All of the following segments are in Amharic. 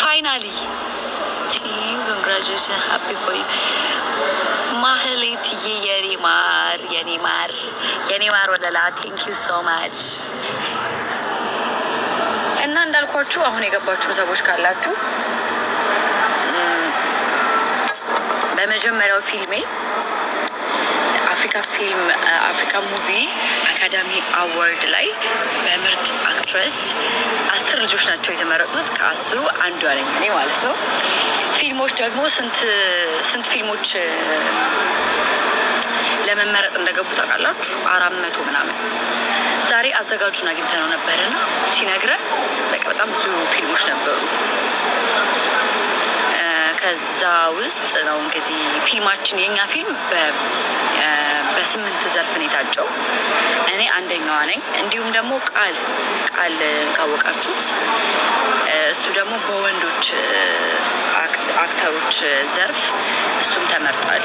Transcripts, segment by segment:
ፋይናሊ ቲም ኮንግራጁሌሽን ሀፒ ፎይ ማህሌትዬ የኔ ማር የኔ ማር የኔ ማር ወለላ ቴንክ ዩ ሶ ማች። እና እንዳልኳችሁ አሁን የገባችሁም ሰዎች ካላችሁ በመጀመሪያው ፊልሜ አፍሪካ ፊልም አፍሪካ ሙቪ አካዳሚ አዋርድ ላይ በምርጥ አክትረስ ልጆች ናቸው የተመረጡት። ከአስሩ አንዷ ነኝ እኔ ማለት ነው። ፊልሞች ደግሞ ስንት ፊልሞች ለመመረጥ እንደገቡ ታውቃላችሁ? አራት መቶ ምናምን። ዛሬ አዘጋጁን አግኝተነው ነበርና ሲነግረን በቃ በጣም ብዙ ፊልሞች ነበሩ። ከዛ ውስጥ ነው እንግዲህ ፊልማችን የኛ ፊልም በስምንት ዘርፍ ነው የታጨው። እኔ አንደኛዋ ነኝ። እንዲሁም ደግሞ ቃል ቃል ካወቃችሁት እሱ ደግሞ በወንዶች አክተሮች ዘርፍ እሱም ተመርጧል።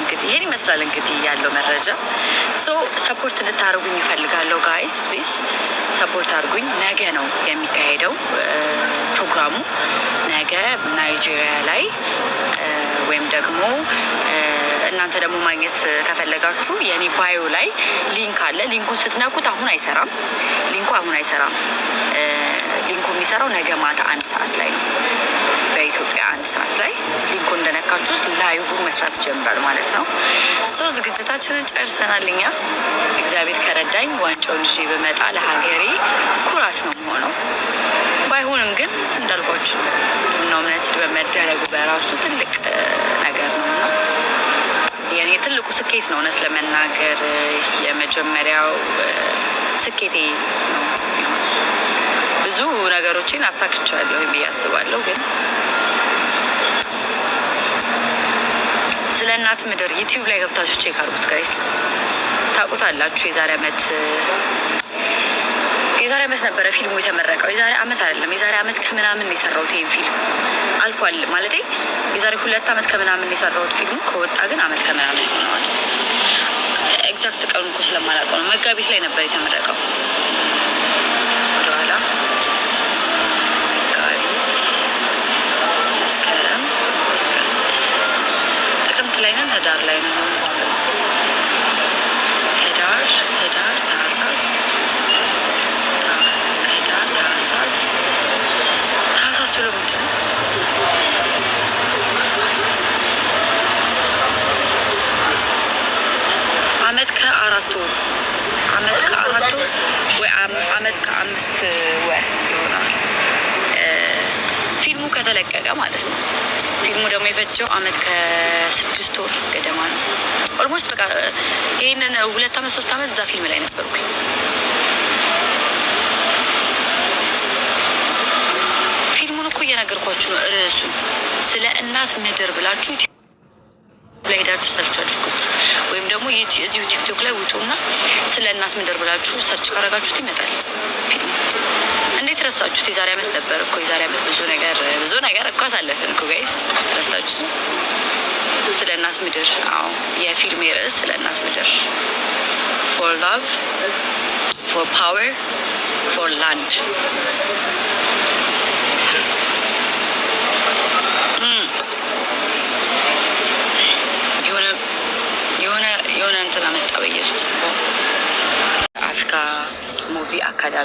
እንግዲህ ይሄን ይመስላል እንግዲህ ያለው መረጃ ሶ ሰፖርት እንድታደርጉኝ ይፈልጋል። ጋይስ ፕሊስ ሰፖርት አድርጉኝ። ነገ ነው የሚካሄደው ፕሮግራሙ ነገ ናይጄሪያ ላይ ወይም ደግሞ እናንተ ደግሞ ማግኘት ከፈለጋችሁ የኔ ባዮ ላይ ሊንክ አለ። ሊንኩን ስትነኩት አሁን አይሰራም። ሊንኩ አሁን አይሰራም። ሊንኩ የሚሰራው ነገ ማታ አንድ ሰዓት ላይ ነው። ኢትዮጵያ አንድ ሰዓት ላይ ሊንኩ እንደነካችሁት ላይቭ መስራት ይጀምራል ማለት ነው። ሰው ዝግጅታችንን ጨርሰናል። እኛ እግዚአብሔር ከረዳኝ ዋንጫውን ይዤ በመጣ ለሀገሬ ኩራት ነው የምሆነው። ባይሆንም ግን እንዳልኳችሁ ቡና እምነት በመደረጉ በራሱ ትልቅ ነገር ነው እና የኔ ትልቁ ስኬት ነው እውነት ለመናገር የመጀመሪያው ስኬቴ ነው። ብዙ ነገሮችን አሳክቻለሁ ብዬ አስባለሁ ግን ስለ እናት ምድር ዩቲዩብ ላይ ገብታችሁ ቼክ አድርጉት ጋይስ። ታውቁታላችሁ። የዛሬ አመት የዛሬ አመት ነበረ ፊልሙ የተመረቀው። የዛሬ አመት አይደለም የዛሬ አመት ከምናምን የሰራሁት ይህን ፊልም አልፏል ማለት የዛሬ ሁለት አመት ከምናምን የሰራሁት ፊልሙ ከወጣ ግን አመት ከምናምን ሆነዋል። ኤግዛክት ቀኑ እኮ ስለማላውቀው ነው። መጋቢት ላይ ነበር የተመረቀው። ህዳር ላይ ነው። ህዳር ህዳር ታህሳስ ህዳር ታህሳስ ታህሳስ ብሎ ምንድን ነው? አመት ከአራት ወር አመት ከአራት ወር ወይ አመት ከአምስት ወር ይሆናል ፊልሙ ከተለቀቀ ማለት ነው። ፊልሙ ደግሞ የፈጀው አመት ከስድስት ወር ገደማ ነው። ኦልሞስት በቃ ይህንን ሁለት አመት ሶስት አመት እዛ ፊልም ላይ ነበርኩኝ። ፊልሙን እኮ እየነገርኳችሁ ነው። ርዕሱ ስለ እናት ምድር ብላችሁ ላይ ሄዳችሁ ሰርች አድርጉት። ወይም ደግሞ እዚሁ ቲክቶክ ላይ ውጡና ስለ እናት ምድር ብላችሁ ሰርች ካረጋችሁት ይመጣል። እንዴት ረሳችሁት? የዛሬ ዓመት ነበር እኮ የዛሬ ዓመት ብዙ ነገር ብዙ ነገር እኮ አሳለፍን እኮ ጋይስ፣ ረስታችሁ ስለ እናት ምድር። አዎ የፊልሜ ርዕስ ስለ እናት ምድር ፎር ላቭ ፎር ፓወር ፎር ላንድ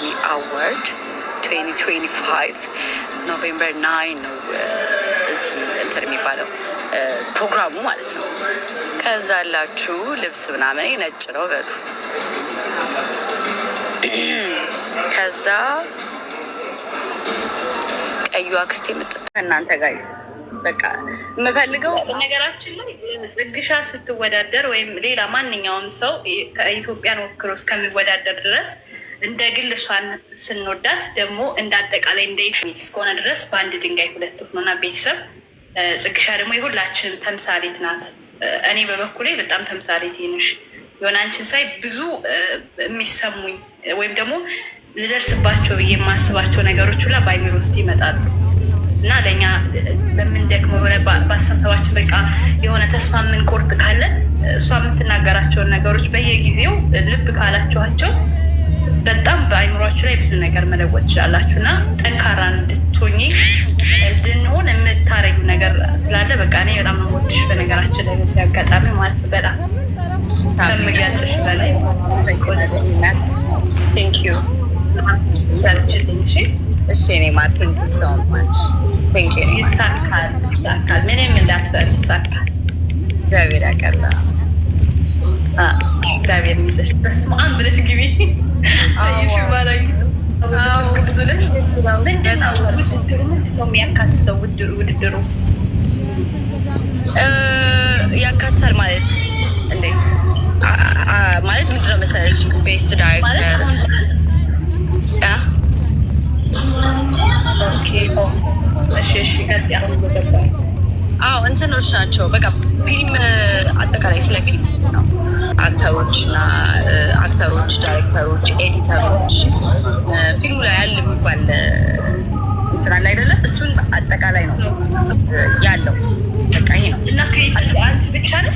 ግራሚ አዋርድ 2025 ኖቬምበር 9 ነው እዚህ እንትን የሚባለው ፕሮግራሙ ማለት ነው። ከዛ ያላችሁ ልብስ ምናምን ነጭ ነው በሉ። ከዛ ቀዩ አክስቴ ምጥ እናንተ ጋይዝ በቃ የምፈልገው ነገራችን ላይ ጽግሻ ስትወዳደር ወይም ሌላ ማንኛውም ሰው ከኢትዮጵያን ወክሎ እስከሚወዳደር ድረስ እንደ ግል እሷን ስንወዳት ደግሞ እንደ አጠቃላይ እንደ ኢንፊኒት እስከሆነ ድረስ በአንድ ድንጋይ ሁለት ሆና ቤተሰብ ጽግሻ ደግሞ የሁላችን ተምሳሌት ናት። እኔ በበኩሌ በጣም ተምሳሌት ይንሽ የሆነ አንቺን ሳይ ብዙ የሚሰሙኝ ወይም ደግሞ ልደርስባቸው ብዬ የማስባቸው ነገሮች ሁላ በአይምሮ ውስጥ ይመጣሉ እና ለእኛ ሆነ በአስተሳሰባችን በቃ የሆነ ተስፋ የምንቆርጥ ካለን እሷ የምትናገራቸውን ነገሮች በየጊዜው ልብ ካላችኋቸው በጣም በአይምሯችሁ ላይ ብዙ ነገር መለወጥ ትችላላችሁ እና ጠንካራ እንድትሆኚ እንድንሆን የምታረጊ ነገር ስላለ በቃ እኔ በጣም መሞድሽ በነገራችን ላይ በዚህ አጋጣሚ ማለት በጣም ከምገልጽሽ በላይ ይሳካል፣ ይሳካል። ምንም እንዳትበል ይሳካል። እግዚአብሔር ያቀላ እግዚአብሔር ይዘሽ በስመ አብ ብለሽ ግቢ ምንድነው የሚያካትተው ውድድሩ? ያካትታል ማለት እንዴት ማለት ምንድነው መሰለሽ ቤስት ዳይሬክተር ኦኬ እሺ እሺ አዎ እንትኖች ናቸው። በቃ ፊልም አጠቃላይ ስለ ፊልም ነው። አክተሮች እና አክተሮች፣ ዳይሬክተሮች፣ ኤዲተሮች ፊልሙ ላይ ያለ የሚባል እንትናል አይደለም። እሱን አጠቃላይ ነው ያለው። በቃ ይሄ ነው እና አንቺ ብቻ ነ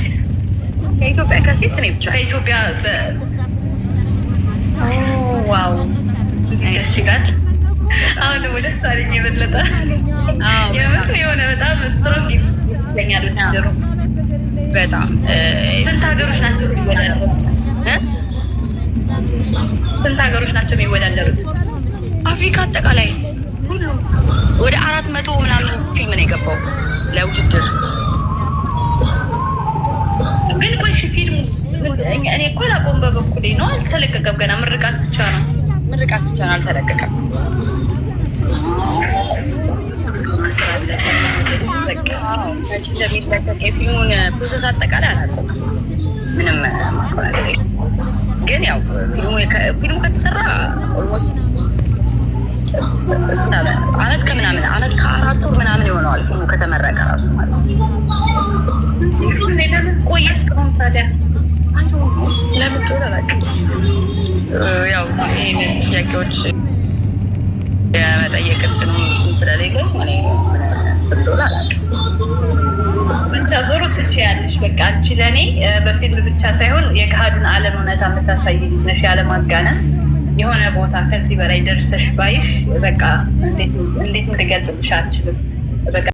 ከኢትዮጵያ ከሴት እኔ ብቻ ከኢትዮጵያ። ዋው ደስ ይላል። አሁን ደግሞ ደስ አለኝ የበለጠ የሆነ በጣም ስትሮንግ ይመስለኛል ወይዘሮ በጣም ስንት ሀገሮች ናቸው የሚወዳደሩት? ስንት ሀገሮች ናቸው የሚወዳደሩት? አፍሪካ አጠቃላይ ሁሉ ወደ አራት መቶ ምናምን ፊልም ነው የገባው ለውድድር። ግን ቆይሽ ፊልሙ እኔ እኮ ላቆም በበኩሌ ነው አልተለቀቀም። ገና ምርቃት ብቻ ነው ምርቃት ብቻ ነው አልተለቀቀም። ፕሮሰስ አጠቃላይ አላውቅም። ምንም ግን ያው ፊልሙ ከተሰራ ኦልሞስት አመት ከምናምን አመት ከአራት ወር ምናምን ይሆነዋል ፊልሙ ከተመረቀ ራሱ ማለት ያው ይህን ጥያቄዎች የመጠየቅ እንትኑ ስለሌለው እኔ እንደሆነ አላውቅም። ብቻ ዞሮ ትችያለሽ። በቃ አንቺ ለእኔ በፊልም ብቻ ሳይሆን የገሃዱን ዓለም እውነታ የምታሳይ ልጅ ነሽ። ያለማጋነን የሆነ ቦታ ከዚህ በላይ ደርሰሽ ባይሽ በቃ እንዴት እንድገልጽልሽ አልችልም።